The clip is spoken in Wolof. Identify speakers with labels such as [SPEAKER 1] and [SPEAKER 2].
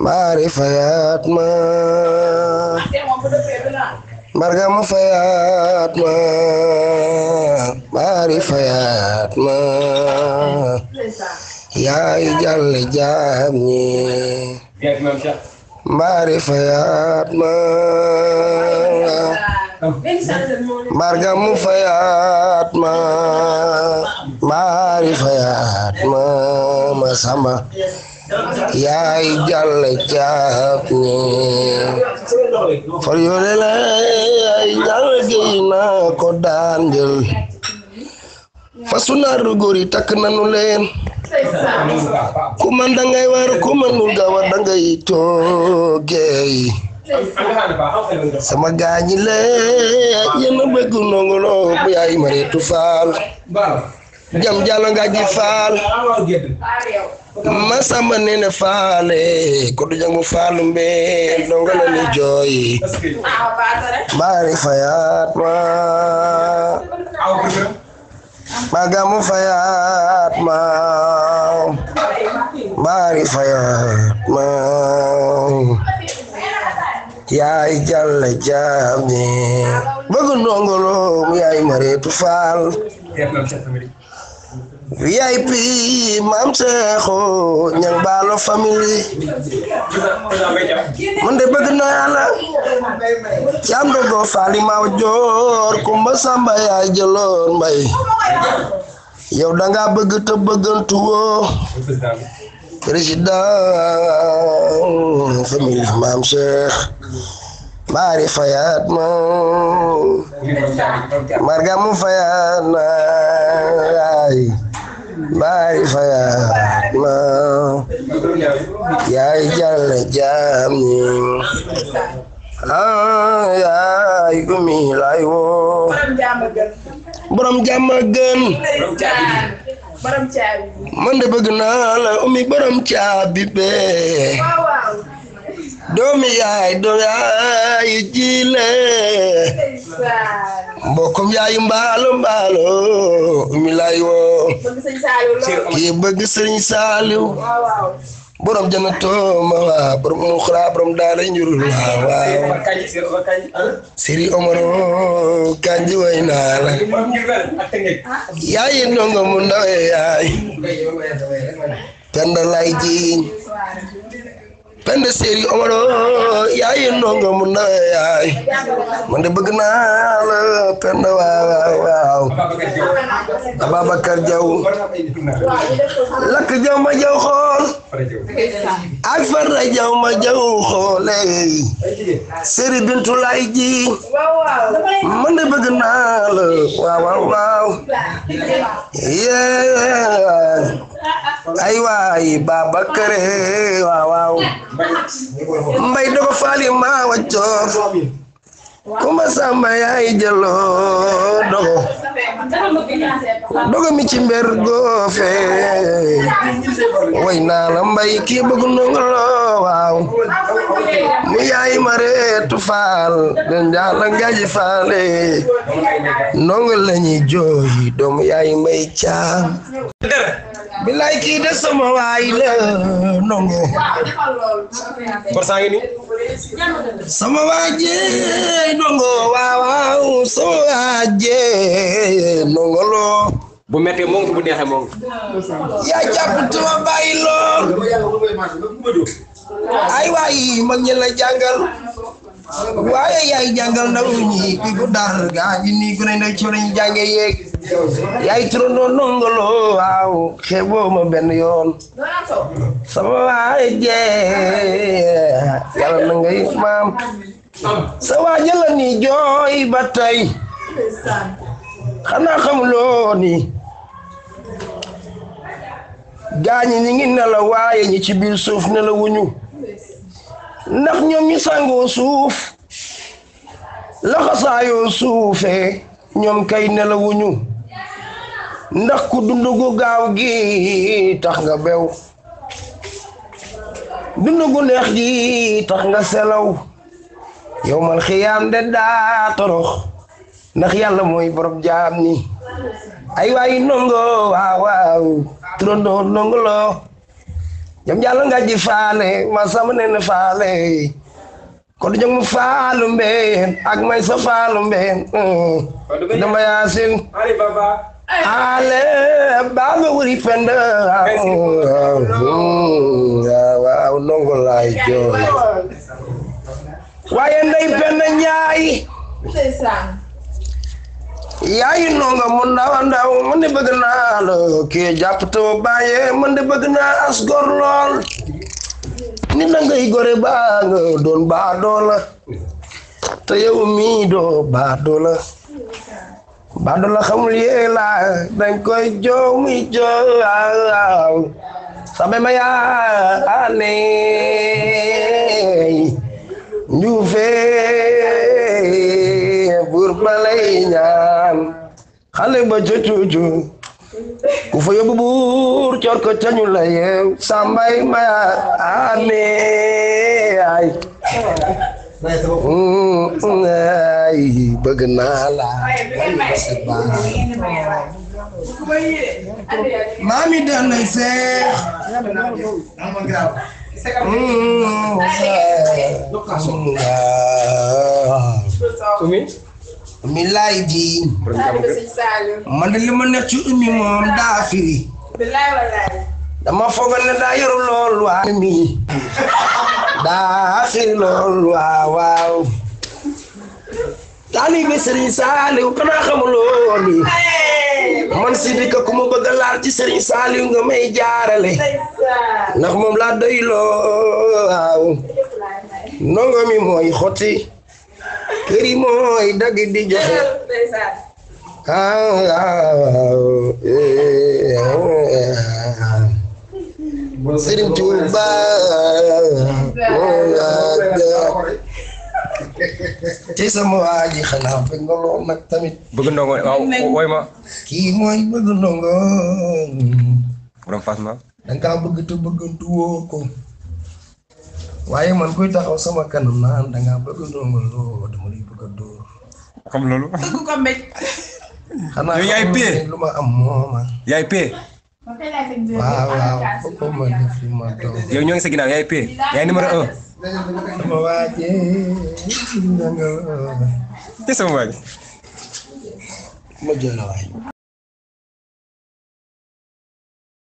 [SPEAKER 1] marifayat ma marga mufayat ma marifayat ma ya ijal jamni marifayat ma marga mufayat ma marifayat ma masama yes. yaay jàll caaku far yore la yaay jàll géy naa ko daan jël fasu naar góor yi takk nanu leen ku man dangay war ku manul ga war dangay toogey sama gaañi la yéen a bëgg nongolo bu yaay mareetu faal jam jalo ngaji faal masamba nene faale koɗo jango faalu mbe dongalani kan jooyi mbaari fayat ma fayatma fayat ma ya jalla jami bëgg ndongolom yaay tu fal VIP maam Seexu ñang baalo famille man bëgg naa la cam dogo faali joor kumba samba yaay jëloon mbay yow danga bëgg te bëggantu woo président famille maam Seex mari fayaat ma marga mu fayaat na bari fa ma yaay jàll jaam ni ah, yaay gumi lay woo borom jàmm gën man de bëgg naa la umi borom caabi bee doomi yaay doo yaay jiile mbokkom yaay mbaalo mbaalo umi lay woo kii bëgg sëriñ Saaliw borom janatoo ma waaw borom muxra borom daara njurul waaw waaw siri ah? omaro kanji way naa la ah. yaaye ndongo mu ndaw e yaay kandalaay jiiñ penda séeri omaro yaayi ndongo mu ndaw yaay man bëgg naa la penda waaw waaw Ababacar Jaw lakk jaw ma jaw xool ak farra jaw ma jaw xoole séeri bintu lay ji man bëgg naa waaw waaw waaw ay waay Babakar eh, eh, waaw waaw mbay dogo faali maa wa coof kuma samba yaay jëlo dogo dogo mi ci mber goofe way naa la mbay kii bëgg nongolo waaw mu yaay ma reetu faal den jaala ngaaji faale nongol lañuy jooy doomu yaay mbay caam Be kita semua is some while ini. Semua waje nongo wawa so waje nongo lo. Bu metti mong? bu nexe mong? Ya japp bayi bayilo. Ay way mag ñi la jangal. Waye yaay jangal ndaw ñi ki bu dar ga yek. yaay turandoo ndongolo waaw xeeboo ma benn yoon sama waay jee yàlla na ngay maam sa jëla ni jooy ba tey xanaa xamuloo ni ñi ngi ne waaye ñi ci biir suuf ne la wuñu ndax ñoom ñi sàngoo suuf laxasaayoo suufee ñoom kay ne la wuñu ndax ku dundu gu gaaw gi tax nga bew dundu gu neex gi tax nga selaw yowmal mal de daa torox ndax yàlla mooy borom jaam ni ay nongo waaw turandoo jam jàlla nga ji faale ma sama nen faale kon jang faalu mbeen ak may sa faalu mbeen mm. dama yaasin ali baba ale baalo wuri fende waaw ndongo laay jooy waaye ndey penda ñaay yaay ndongo mu ndaw ndaw man de bëgg naa la kii jàpp too bàyyee man de bëgg naa as gor lool ni baax la xamul yéen laa dañ koy joo muy joo waaw sabe ma yaa ne njuufe buur ba lay ñaan xale ba jojojo ku fa yóbbu buur coor ko cañu la yeew sambay ma yaa bëgg naa la maami daan nañ seex mi laay ji man de li ma nekk moom daa dama foog ne daa yoru lool waa mi daa taalibe Serigne Saliou xanaa xamuloo man si dikka ku ma bëgg a laal nga may jaarale ndax moom laa doyloo waaw ndongo mi mooy xotti kër yi mooy dagg di joxe ah, Serigne te sama waa ji xanaa bëgg nga nag tamit. bëgg ndongo waaw woy ma. kii mooy bëgg ndongo. borom Fass ma. da nga bëgg te bëggantu woo waaye man kuy taxaw sama kanam naan da nga bëgg ndongo loo dama lay bëgg a dóor. loolu. dëgg yaay pee lu ma am mooma. yaay pee. waaw waaw foofu ma def li ma doon. yow ñoo ngi sa ginnaaw yaay pee yaay numéro un. waaje nanga te sama waaj ma jooy